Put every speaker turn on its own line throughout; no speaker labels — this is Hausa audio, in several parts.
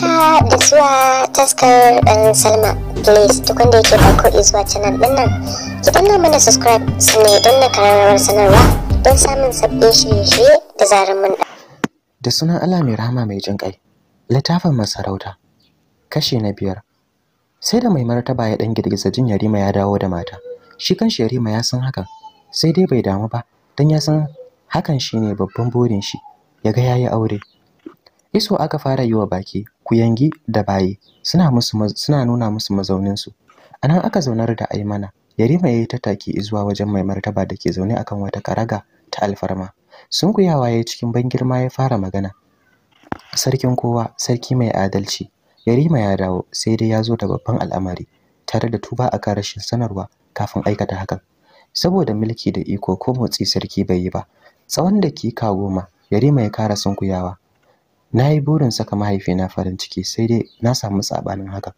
haka ah, da zuwa taskar ɗan um, salma please duk wanda yake farko izuwa canal ɗin nan ki danna mana subscribe sannan don na kararrawar sanarwa don samun sabbin shirye-shirye da zarar mun da da sunan allah mai rahama mai jin kai littafin masarauta kashi na biyar sai da mai martaba ya ɗan girgiza jin yarima ya dawo da mata shi kanshi yarima ya san hakan sai dai bai damu ba dan ya san hakan shine babban burin shi ya ga yayi aure iso aka fara yi wa baki kuyangi da baye suna musu suna nuna musu mazaunin su anan aka zaunar da Aimana Yarima yayi tattaki zuwa wajen mai martaba da ke zaune akan wata karaga ta alfarma sunkuyawa yayi cikin ban girma ya fara magana sarkin kowa sarki mai adalci Yarima ya dawo sai dai ya zo da babban al'amari tare da tuba akan rashin sanarwa kafin aikata hakan saboda mulki da iko ko motsi sarki bai yi ba tsawon dakika goma Yarima ya kara kuyawa na yi burin saka mahaifina farin ciki sai dai na samu sabanin haka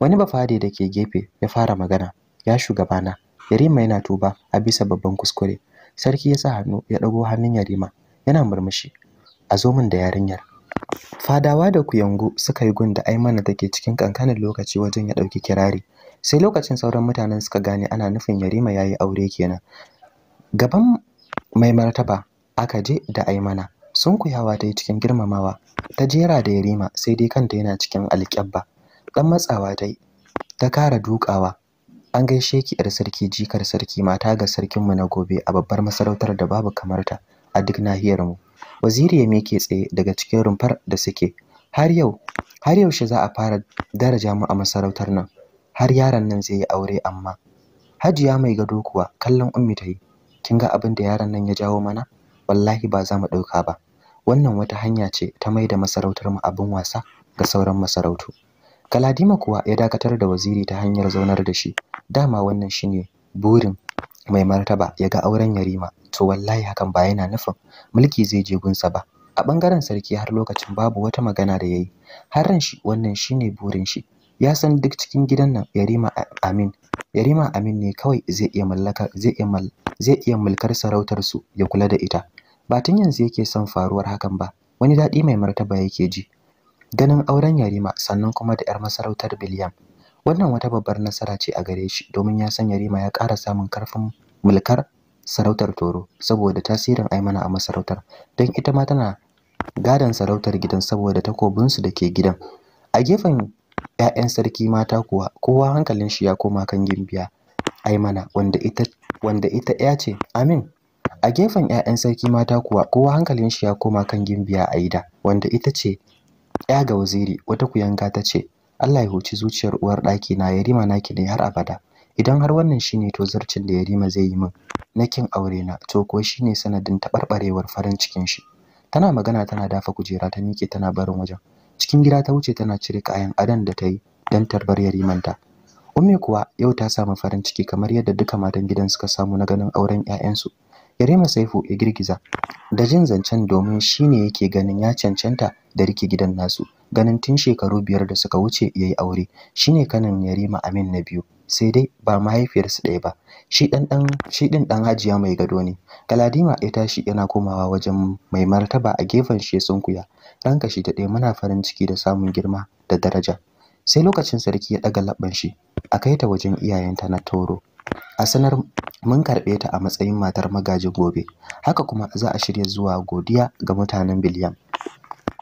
wani bafade da ke gefe ya fara magana ya shugabana yarima yana tuba a bisa babban kuskure sarki ya sa hannu ya dago hannun yarima yana murmushi a zo min da yarinyar fadawa da kuyangu suka yi gun da aimana take cikin kankanin lokaci wajen ya ɗauki kirari sai lokacin sauran mutanen suka gane ana nufin yarima ya yi aure kenan gaban mai martaba aka je da aimana sun kuyawa ta yi cikin girmamawa ta jera da yarima sai dai kanta yana cikin alƙyabba dan matsawa dai ta kara dukawa an gaishe ki yar sarki jikar sarki mata ga sarkin mu na gobe a babbar masarautar da babu kamar ta a duk nahiyar mu waziri ya meke tsaye daga cikin rumfar da suke har yau har yaushe za a fara daraja mu a masarautar nan har yaron nan zai yi aure amma hajiya mai gado kuwa kallon ummi ta yi kin ga abin da yaron nan ya jawo mana wallahi ba za mu ɗauka ba wannan wata hanya ce ta mai da masarautar mu abin wasa ga sauran masarautu kaladima kuwa ya dakatar da waziri ta hanyar zaunar da shi dama wannan shine burin mai martaba ya ga auren yarima to wallahi hakan ba yana nufin mulki zai je gunsa ba a bangaren sarki har lokacin babu wata magana da yayi har ran shi wannan shine burin shi ya san duk cikin gidan nan yarima amin yarima amin ne kawai zai iya mallaka zai iya zai iya mulkar sarautar su ya kula da ita ba tun yanzu yake son faruwar hakan ba wani daɗi mai martaba yake ji ganin auren yarima sannan kuma da 'yar masarautar biliyam wannan wata babbar nasara ce a gare shi domin ya san yarima ya ƙara samun karfin mulkar sarautar toro saboda tasirin aimana a masarautar don ita ma tana gadon sarautar gidan saboda takobinsu da ke gidan a gefen 'ya'yan sarki mata kuwa kowa hankalin shi ya koma kan gimbiya aimana wanda ita 'ya ce amin a gefen 'ya'yan sarki mata kuwa kowa hankalin shi ya koma kan gimbiya aida wanda ita ce ya ga waziri wata kuyanga ta ce Allah ya huci zuciyar uwar ɗaki na yarima naki ne har abada idan har wannan shine to zarcin da yarima zai yi min na kin aure na to ko shine sanadin taɓarɓarewar farin cikin shi tana magana tana dafa kujera ta miƙe tana barin wajen cikin gida ta wuce tana cire kayan adan da ta yi don tarbar yarimanta ummi kuwa yau ta samu farin ciki kamar yadda duka matan gidan suka samu na ganin auren 'ya'yansu Yarima Saifu ya girgiza da jin zancen domin shi ne yake ganin ya cancanta da rike gidan nasu. Ganin tun shekaru biyar da suka wuce ya yi aure, shi ne kanin Yarima Amin na biyu, sai dai ba mahaifiyarsu ɗaya ba. Shi ɗin ɗan hajiya mai gado ne. Galadima ya tashi yana komawa wajen mai martaba a gefen shi ya sunkuya. Ranka shi ɗaya, muna farin ciki da samun girma da daraja. Sai lokacin sarki ya ɗaga labban shi, a kaita wajen iyayenta na Toro. a sanar mun karɓe ta a matsayin matar magaji gobe haka kuma za a shirya zuwa godiya ga mutanen biliyan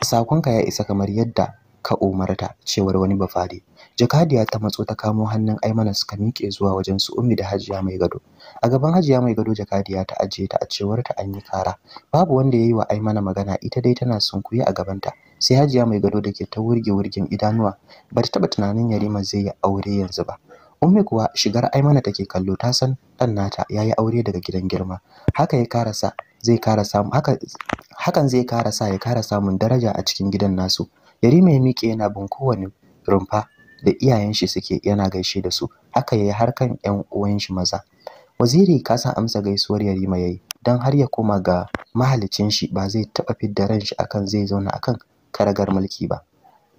sakonka ya isa kamar yadda ka umarta cewar wani bafari. jakadiya ta matso ta kamo hannun aimana suka miƙe zuwa wajen su umi da hajiya mai gado a gaban hajiya mai gado jakadiya ta ajiye ta a cewar ta an yi kara babu wanda ya yi wa aimana magana ita dai tana sunkuye a gabanta sai hajiya mai gado da ke ta wurge wurgen idanuwa ba ta taɓa tunanin yarima zai yi aure yanzu ba ummi kuwa shigar aimana take kallo ta san dan nata yayi aure daga gidan girma haka ya karasa zai karasa haka hakan zai kara sa ya kara samun daraja a cikin gidan nasu yarima ya miƙe yana bin kowane rumfa da iyayen shi suke yana gaishe da su haka yayi harkan ƴan uwan shi maza waziri ka san amsa gaisuwar yarima yayi dan har ya koma ga mahalicin shi ba zai taba fidda ran shi akan zai zauna akan karagar mulki ba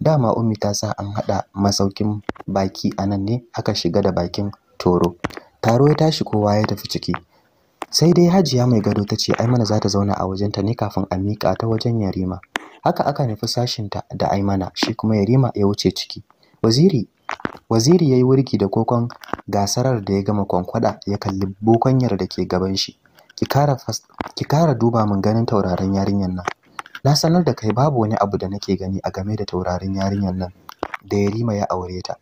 dama ummi ta sa an haɗa masaukin baki a nan ne aka shiga da bakin toro taro ya tashi kowa ya tafi ciki sai dai hajiya mai gado ta ce aimana za ta zauna a wajenta ne kafin a miƙa ta wajen yarima haka aka nufi sashinta da aimana shi kuma yarima ya wuce ciki waziri waziri ya yi wurgi da kokon gasarar da ya gama kwankwada ya kalli bokonyar da ke gaban shi ki kara duba min ganin tauraron yarinyar nan na sanar da kai babu wani abu da nake gani a game da taurarin yarinyar nan da Yarima ya aure ta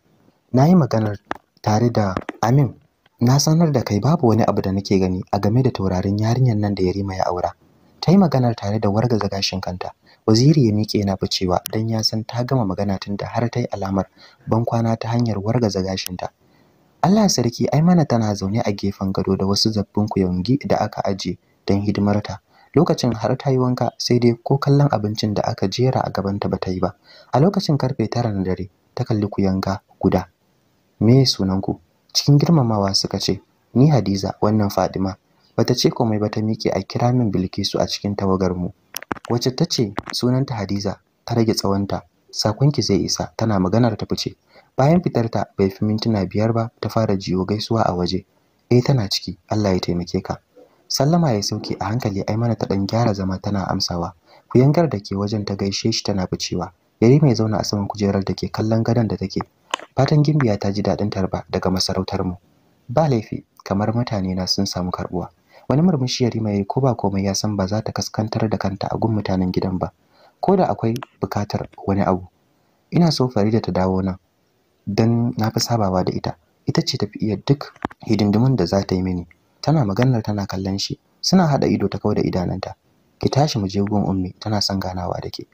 na yi maganar tare da Amin na sanar da kai babu wani abu da nake gani a game da taurarin yarinyar nan da Yarima ya aura ta yi maganar tare da wargaza gashin kanta waziri ya miƙe na ficewa don ya san ta gama magana tun da har ta yi alamar bankwana ta hanyar wargaza gashinta Allah sarki ai mana tana zaune a gefen gado da wasu zabbin kuyangi da aka aje don hidimarta lokacin har ta yi wanka sai dai ko kallon abincin da aka jera a gabanta ba ta yi ba a lokacin karfe tara na dare ta kalli ku kuyanga guda me sunanku cikin girmamawa suka ce ni hadiza wannan fadima bata ce komai ba ta miƙe a kira min bilkisu a cikin tawagar mu wacce ta ce sunanta hadiza ta rage tsawonta sakonki zai isa tana maganar ta fice bayan fitarta bai fi mintuna biyar ba ta fara jiyo gaisuwa a waje eh tana ciki Allah ya taimake ka sallama ya sauke a hankali aimana ta dan gyara zama tana amsawa kuyangar da ke wajen ta gaishe shi tana ficewa yari mai zauna a saman kujerar da ke kallon gadon da take fatan gimbiya ta ji daɗin tarba daga masarautar mu ba laifi kamar mutane na sun samu karbuwa wani murmushi yari mai ko ba komai ya san ba za ta kaskantar da kanta a gun mutanen gidan ba ko da akwai bukatar wani abu ina so Farida ta dawo nan dan na fi sabawa da ita ita ce tafi iya duk hidindimun da za ta yi mini tana maganar tana kallon shi suna hada ido ta da idananta ki tashi mu je gun ummi tana son ganawa da ke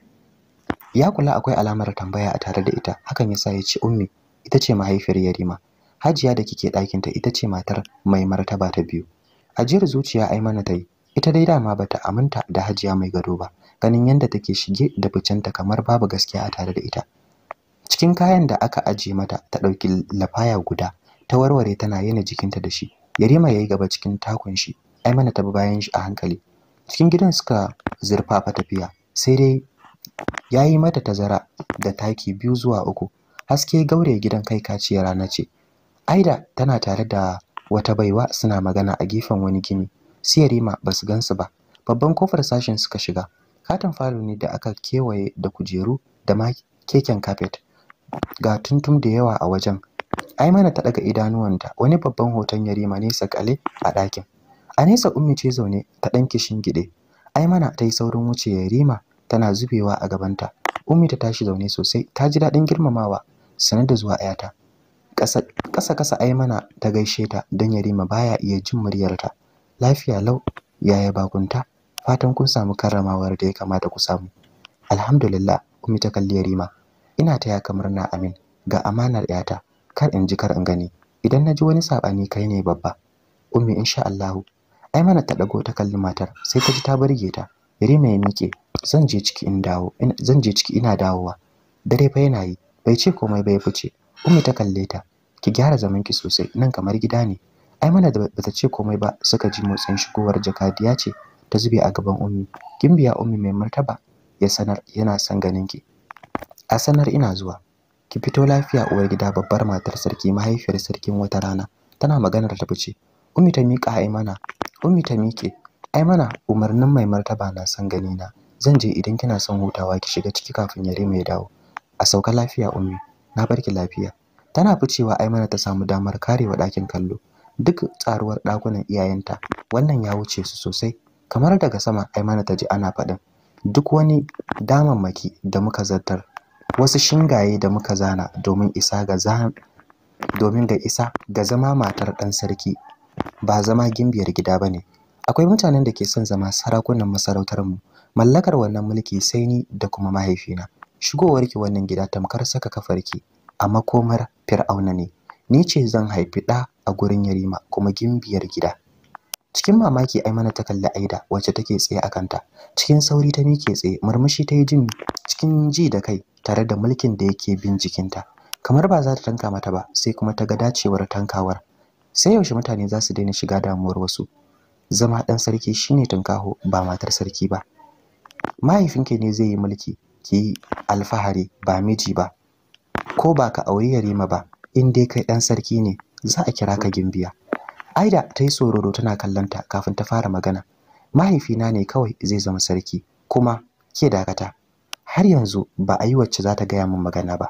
ya kula akwai alamar tambaya a tare da ita hakan yasa ya ce ummi ita ce mahaifiyar yarima hajiya da kike ɗakin ta ita ce matar mai martaba ta biyu ajiyar zuciya ai mana tai ita dai dama bata aminta da hajiya mai gado ba ganin yadda take shige da ficenta kamar babu gaskiya a tare da ita cikin kayan da aka ajiye mata ta ɗauki lafaya guda ta warware tana yana jikinta da shi yarima ya yi gaba cikin takun shi aimana ta bi bayan shi a hankali cikin gidan suka zurfafa tafiya sai dai ya yi mata tazara da taki biyu zuwa uku haske gaure gidan kai kaciya na ce aida tana tare da wata baiwa suna magana a gefen wani gini su yarima ba su gansu ba babban kofar sashen suka shiga katon falo ne da aka kewaye da kujeru da ma keken kafet ga tuntum da yawa a wajen Ai mana ta daga idanuwanta wani babban hoton Yarima ne sakale a ɗakin. A nesa Ummi ce zaune ta ɗan gide. mana ta yi saurin wuce Yarima tana zubewa a gabanta. Ummi ta tashi zaune sosai ta ji daɗin girmamawa sanar da zuwa ayata. Ƙasa ƙasa mana ta gaishe ta don Yarima baya iya jin muryarta. Lafiya lau yaya bakunta fatan kun samu karramawar da ya kamata ku samu. Alhamdulillah Ummi ta kalli Yarima. Ina taya kamar na amin ga amanar 'yata. kar in ji kar in gani idan na ji wani sabani kai ne babba ummi insha Allah ai mana ta dago ta kalli matar sai ta ji ta burge ta Yarima ya mike zan je ciki in dawo zan je ciki ina dawowa dare fa yana yi bai ce komai bai fice ummi ta kalle ta ki gyara zaman ki sosai nan kamar gida ne ai mana da bata ce komai ba suka ji motsin shigowar jakadiya ce ta zube a gaban ummi kin biya ummi mai martaba ya sanar yana son ganin ki a sanar ina zuwa ki fito lafiya uwar gida babbar matar sarki mahaifiyar sarkin wata rana tana maganar ta fice ummi ta miƙa aimana ummi ta miƙe aimana umarnin mai martaba na san gani na zan je idan kina son hutawa ki shiga ciki kafin yare mai dawo a sauka lafiya ummi na barki lafiya tana ficewa ai mana ta samu damar karewa ɗakin kallo duk tsaruwar ɗakunan iyayenta wannan ya wuce su sosai kamar daga sama aimana ta ji ana faɗin duk wani damammaki da muka zartar wasu shingaye da muka zana domin isa ga domin ga isa ga zama matar ɗan sarki ba zama gimbiyar gida ba ne akwai mutanen da ke son zama sarakunan masarautar mu mallakar wannan mulki sai ni da kuma mahaifina Shigowar ki wannan gida tamkar saka kafarki a makomar fir'auna ne ni ce zan haifi ɗa a gurin yarima kuma gimbiyar gida cikin mamaki ai mana ta kalli aida wacce take tsaye a kanta cikin sauri ta mike tsaye murmushi ta yi jin cikin ji da kai tare da mulkin da yake bin jikinta kamar ba za ta tanka mata ba sai kuma ta ga dacewar tankawar sai yaushe mutane za su daina shiga damuwar wasu zama ɗan sarki shine tunkaho ba matar sarki ba mahaifinki ne zai yi mulki ki yi alfahari ba miji ba ko ba ka auri yarima ba in dai kai ɗan sarki ne za a kira ka gimbiya Aida ta yi tsororo tana kallonta kafin ta fara magana. Mahaifina ne kawai zai zama sarki, kuma ke dakata. Har yanzu ba a yi wacce za ta gaya min magana ba.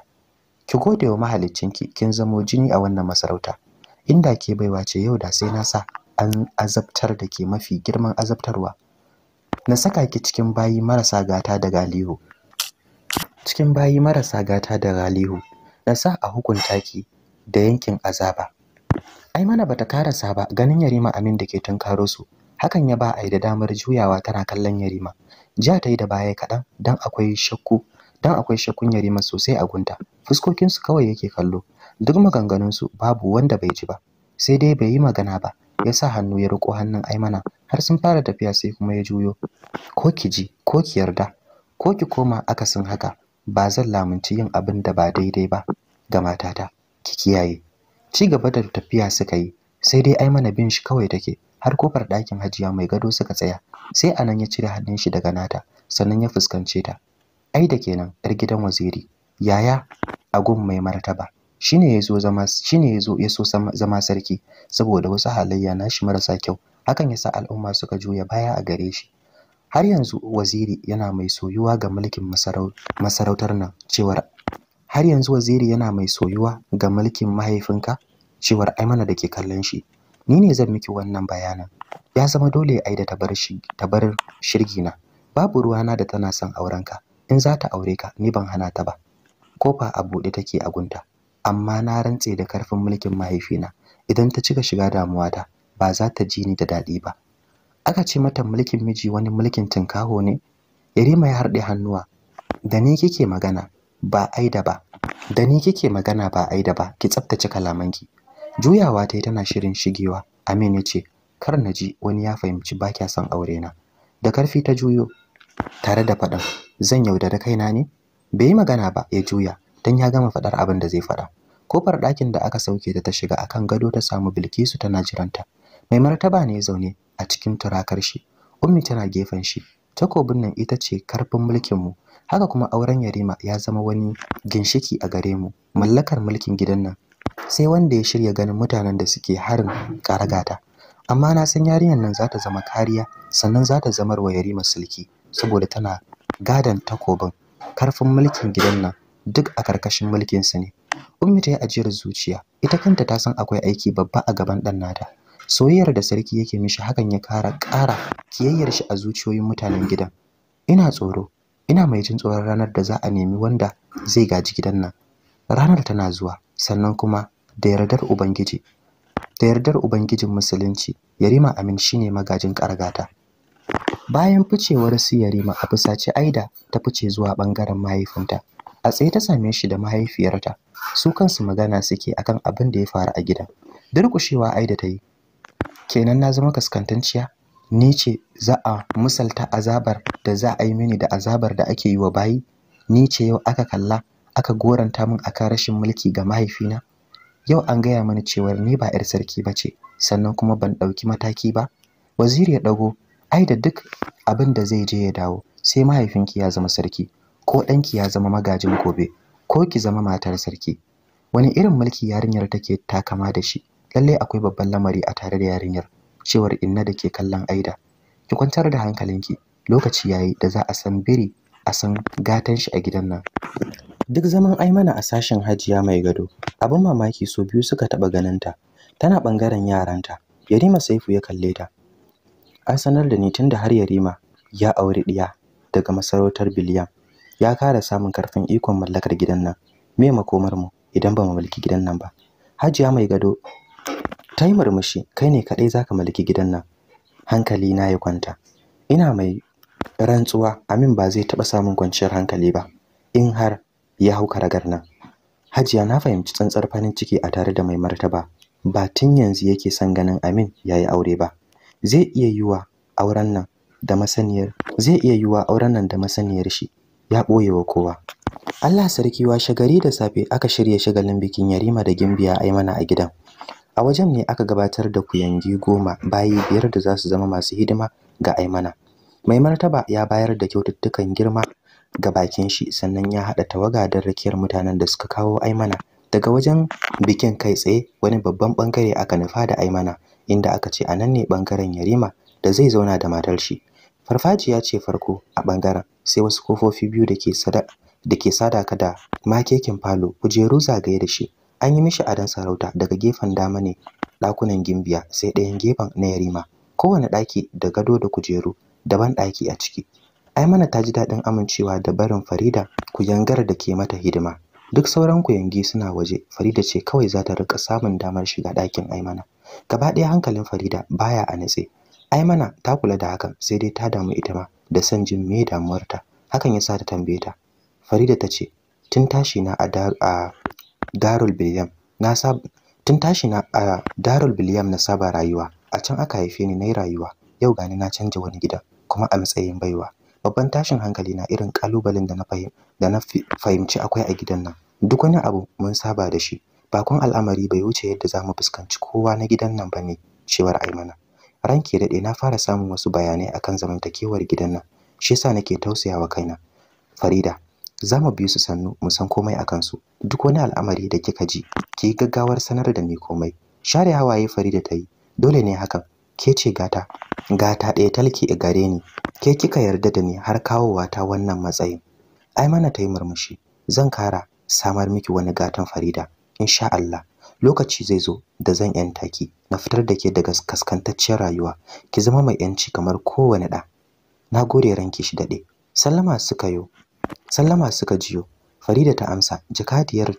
Ki gode wa mahaliccinki kin zamo jini a wannan masarauta. Inda ke baiwa ce yau da sai na sa an azabtar da ke mafi girman azabtarwa. Na saka ki cikin bayi marasa gata da galihu. Cikin bayi marasa gata da galihu. Na sa a hukunta ki da yankin azaba. ai mana bata karasa ba ganin yarima amin da ke tunkaro su hakan ya ba da damar juyawa tana kallon yarima ja ta yi da baya kaɗan don akwai shakku don akwai shakkun yarima sosai a gunta fuskokinsu kawai yake kallo duk maganganunsu babu wanda bai ji ba sai dai bai yi magana ba ya sa hannu ya riko hannun aimana har sun fara tafiya sai kuma ya juyo ko ki ji ko ki yarda ko ki koma akasin haka ba zan lamunci yin abin da ba daidai ba ga matata ki kiyaye ci gaba da tafiya suka yi sai dai ai mana bin shi kawai take har kofar ɗakin hajiya mai gado suka tsaya sai anan ya cire hannun shi daga nata sannan ya fuskance ta ai da kenan yar gidan waziri yaya A agun mai martaba shine yazo zama shine yazo yaso zama sarki saboda wasu halayya nashi marasa kyau hakan yasa al'umma suka juya baya a gare shi har yanzu waziri yana mai soyuwa ga mulkin masarautar nan cewar har yanzu waziri yana mai soyuwa ga mulkin mahaifinka cewar aimana da ke kallon shi ni ne zan miki wannan bayanan. ya zama dole aida ta bar shi na. bar shirgina babu ruwana da tana son aurenka in za ta aure ka ni ban hana ta ba kofa a buɗe take a gunta amma na rantse da karfin mulkin mahaifina idan ta cika shiga damuwata ba za ta ji ni da daɗi ba aka ce mata mulkin miji wani mulkin tinkaho ne yarima ya harɗe hannuwa da ni kike magana ba aida ba da ni kike magana ba aida ba ki tsaftace kalamanki juyawa ta tana shirin shigewa amin ya ce kar na ji wani ya fahimci ba kya son aure na da karfi ta juyo tare da faɗin zan yaudari kaina ne bai yi magana ba ya juya don ya gama faɗar abin da zai faɗa kofar ɗakin da aka sauke da ta shiga akan gado ta samu bilkisu tana jiranta mai martaba ne zaune a cikin turakar shi ummi tana gefen shi takobin nan ita ce karfin mulkinmu haka kuma auren yarima ya zama wani ginshiki a gare mu mallakar mulkin gidan nan sai wanda ya shirya ganin mutanen da suke harin karagata amma na san yarinyar nan za ta zama kariya sannan za ta zamar wa yarima sulki saboda tana gadan takobin karfin mulkin gidan nan duk a karkashin mulkinsu ne ummi ta yi ajiyar zuciya ita kanta ta san akwai aiki babba a gaban ɗan nata soyayyar da sarki yake mishi hakan ya kara kara kiyayyar shi a zuciyoyin mutanen gidan ina tsoro ina mai jin tsoron ranar da za a nemi wanda zai gaji gidan nan ranar tana zuwa sannan kuma da yardar ubangiji da yardar ubangijin musulunci yarima amin shine magajin kargata bayan ficewar su yarima a fusace aida ta fice zuwa bangaren mahaifinta a tsaye ta same shi da mahaifiyarta su kansu magana suke akan abin da ya faru a gidan durkushewa aida ta yi kenan na zama kaskantanciya ni ce za a musalta azabar da za a yi mini da azabar da ake yi wa bayi ni ce yau aka kalla aka goranta min akan rashin mulki ga mahaifina yau an gaya mani cewa ni ba 'yar sarki ba ce sannan kuma ban ɗauki mataki ba waziri ya ɗago ai da duk abin da zai je ya dawo sai mahaifinki ya zama sarki ko ɗanki ya zama magajin gobe ko ki zama matar sarki wani irin mulki yarinyar take takama da shi lallai akwai babban lamari a tare da yarinyar cewar inna da ke kallon aida ki kwantar da hankalinki lokaci yayi da za a san biri a san gatan shi a gidan nan duk zaman ai mana a sashin hajiya mai gado abin mamaki so biyu suka taɓa ganinta tana ɓangaren yaranta yarima saifu ya kalle ta an sanar da ni tun da har yarima ya auri ɗiya daga masarautar biliyan ya kara samun karfin ikon mallakar gidan nan me makomar mu idan ba mu mulki gidan nan ba hajiya mai gado ta yi murmushi kai ne kaɗai zaka mulki gidan nan hankali na ya kwanta ina mai rantsuwa Amin ba zai taɓa samun kwanciyar hankali ba in har ya hauka ragar nan. Hajiya na fahimci tsantsar farin ciki a tare da mai martaba ba tun yanzu yake son ganin Amin ya yi aure ba. Zai iya yiwa auren nan da masaniyar zai iya yiwa auren nan da masaniyar shi ya ɓoye kowa. Allah sarki washe gari da safe aka shirya shagalin bikin Yarima da Gimbiya Aimana a gidan. A wajen ne aka gabatar da kuyangi goma bayi biyar da za su zama masu hidima ga Aimana. mai martaba ya bayar da kyaututtukan girma ga bakin shi sannan ya haɗa tawaga don rakiyar mutanen da suka kawo aimana daga wajen bikin kai tsaye wani babban bangare aka nufa da aimana inda aka ce a nan ne bangaren yarima da zai zauna da matar shi ya ce farko a bangaren sai wasu kofofi biyu da ke sada da ke sadaka da makekin falo kujeru zagaye da shi an yi mishi adon sarauta daga gefen dama ne ɗakunan gimbiya sai ɗayan gefen na yarima kowane ɗaki da gado da kujeru da banɗaki a ciki Aimana ta ji daɗin amincewa da barin Farida ku kuyangar da ke mata hidima duk sauran ku kuyangi suna waje Farida ce kawai za ta rika samun damar shiga ɗakin Aimana gaba ɗaya hankalin Farida baya a natse Aimana ta kula da hakan sai dai ta damu ita ma da son jin me damuwarta hakan ya sa ta tambaye ta Farida ta ce tun tashi na a Darul Bilyam na sab tun tashi na a Darul Bilyam na saba rayuwa a can aka haife ni na yi rayuwa yau gani na canja wani gidan kuma a matsayin baiwa babban tashin hankali na irin kalubalen da na da na fahimci akwai a gidan nan duk wani abu mun saba da shi bakon al'amari bai wuce yadda zamu fuskanci kowa na gidan nan ba bane cewar Aimana ke daɗe na fara samun wasu bayanai akan zamantakewar gidan nan shi yasa nake tausayawa kaina Farida zamu biyu su sannu mu san komai akan su duk wani al'amari da kika ji kiyi gaggawar sanar da ni komai share hawaye Farida ta yi dole ne hakan ke ce gata gata ɗaya talki a gare ni ke kika yarda da ni har kawowa ta wannan matsayin ai mana ta yi murmushi zan kara samar miki wani gatan farida insha Allah lokaci zai zo da zan yanta ki na fitar da ke daga kaskantacciyar rayuwa ki zama mai yanci kamar kowane ɗa na gode ranki shi daɗe sallama suka yo sallama suka jiyo farida ta amsa jakadiyar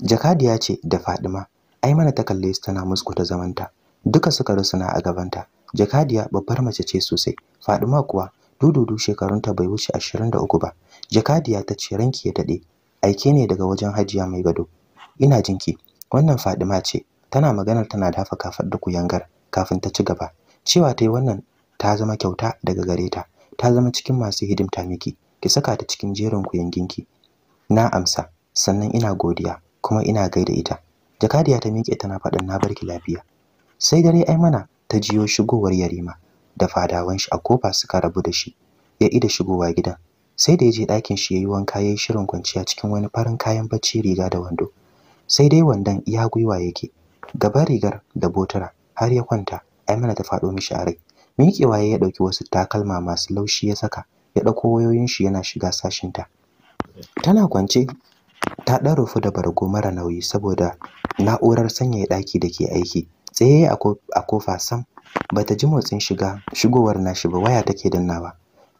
jakadiya ce da fadima ai mana ta kalle su tana ta zamanta duka suka rusuna a gabanta jakadiya babbar mace ce sosai fadima kuwa dududu shekarunta bai wuce 23 ba jakadiya ta ce ranki ya dade aike ne daga wajen hajiya mai gado ina jinki wannan fadima ce tana maganar tana dafa kafar da kuyangar kafin ta ci gaba cewa ta wannan ta zama kyauta daga gare ta ta zama cikin masu hidimta miki ki saka ta cikin jerin kuyanginki na amsa sannan ina godiya kuma ina gaida ita jakadiya ta miƙe tana faɗin na barki lafiya sai dare Aimana ta jiyo shigowar yarima da fadawan shi a kofa suka rabu da shi ya ida shigowa gidan sai da ya je ɗakin shi yi wanka yayi shirin kwanciya cikin wani farin kayan bacci riga da wando sai dai wandon ya gwiwa yake gaban rigar da botura har ya kwanta ai ta faɗo mishi a rai miƙewa ya ɗauki wasu takalma masu laushi ya saka ya ɗauko wayoyin shi yana shiga sashinta tana kwance ta ɗan rufu da bargo mara nauyi saboda na'urar sanyaya ɗaki da ke aiki tsaye a kofa sam bata ji motsin shiga shigowar nashi ba waya take dannawa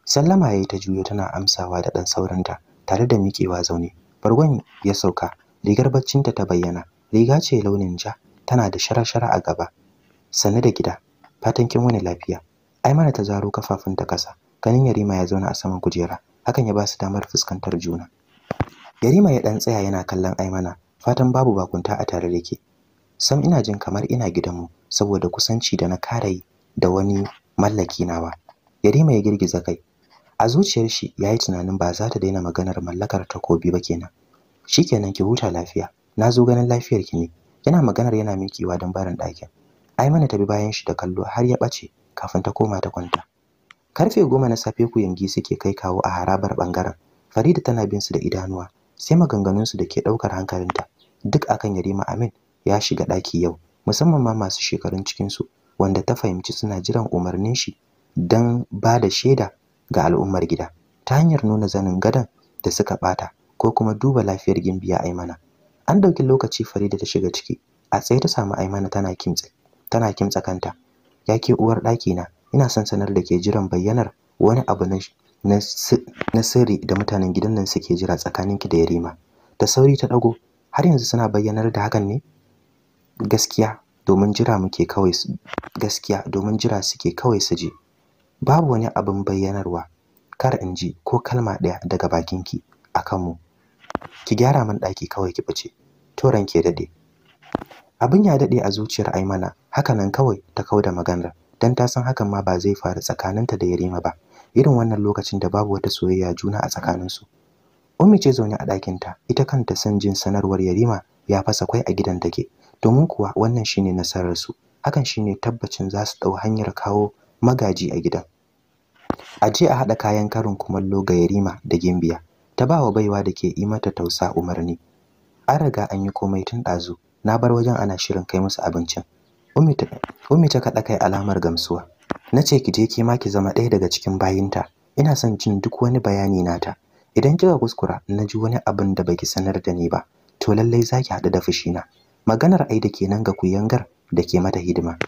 sallama yayi ta juyo tana amsawa da dan saurinta tare da mikewa zaune bargon ya sauka rigar baccinta ta bayyana riga ce launin ja tana da sharashara shara a gaba sannu da gida fatan kin wani lafiya ai mana ta zaro kafafunta kasa ganin yarima ya zauna a saman kujera hakan ya ba su damar fuskantar juna yarima ya dan tsaya yana kallon aimana fatan babu bakunta a tare da ke sam ina jin kamar ina gidanmu saboda kusanci da na kare da wani mallaki nawa yarima ya girgiza kai a zuciyar shi yayi tunanin ba za ta daina maganar mallakar takobi ba kenan shikenan ki huta lafiya na zo ganin lafiyar ki ne yana maganar yana miƙewa dan barin ɗakin ai mana tabi bayan shi da kallo har ya ɓace kafin ta koma ta kwanta karfe goma na safe ku yangi suke kai kawo a harabar bangaren farida tana bin su da idanuwa sai maganganunsu da ke ɗaukar hankalinta duk akan yarima amin ya shiga ɗaki yau musamman ma masu shekarun cikinsu wanda ta fahimci suna jiran umarnin shi don ba da shaida ga al'ummar gida ta hanyar nuna zanin gadon da suka bata ko kuma duba lafiyar gimbiya aimana an ɗauki lokaci farida ta shiga ciki a tsaye ta samu aimana tana kimtsa tana kimtsa kanta ya ke uwar ɗaki na ina son sanar da ke jiran bayyanar wani abu na sirri da mutanen gidan nan suke jira tsakaninki da yarima da sauri ta ɗago har yanzu suna bayyanar da hakan ne gaskiya domin jira muke kawai gaskiya domin jira suke kawai su je babu wani abin bayyanarwa kar in ji ko kalma ɗaya daga bakinki akan mu ki gyara min ɗaki kawai ki bace to ranke daɗe abin ya daɗe a zuciyar aimana haka nan kawai ta kauda maganar dan ta san hakan ma ba zai faru tsakaninta da yarima ba irin wannan lokacin da babu wata soyayya juna a tsakaninsu ummi ce zaune a ɗakinta ita kanta son jin sanarwar yarima ya fasa kwai a gidan take domin kuwa wannan shine nasarar su, hakan shine tabbacin za su dau hanyar kawo magaji a gidan a je a haɗa kayan karin kumallo ga yarima da gimbiya ta bawa baiwa da ke yi mata tausa umarni an riga an yi komai tun ɗazu na bar wajen ana shirin kai musu abincin Ummi ta kaɗa kai alamar gamsuwa. Na ce ki je ki ma ki zama ɗaya daga cikin bayinta. Ina son jin duk wani bayani nata. Idan kika kuskura na ji wani abin da baki sanar da ni ba, to lallai za ki haɗu da fushina. maganar ai Aida kenan ga kuyangar da ke mata hidima